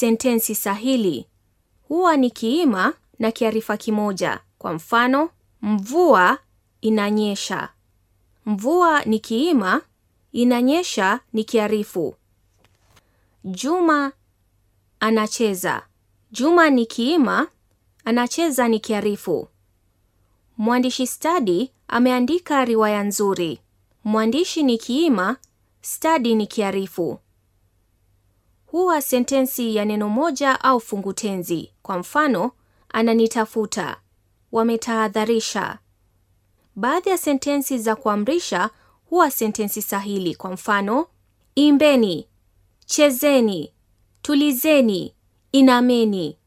Sentensi sahili huwa ni kiima na kiarifa kimoja. Kwa mfano, mvua inanyesha. Mvua ni kiima, inanyesha ni kiarifu. Juma anacheza. Juma ni kiima, anacheza ni kiarifu. Mwandishi stadi ameandika riwaya nzuri. Mwandishi ni kiima, stadi ni kiarifu huwa sentensi ya neno moja au fungu tenzi. Kwa mfano, ananitafuta, wametahadharisha. Baadhi ya sentensi za kuamrisha huwa sentensi sahili. Kwa mfano, imbeni, chezeni, tulizeni, inameni.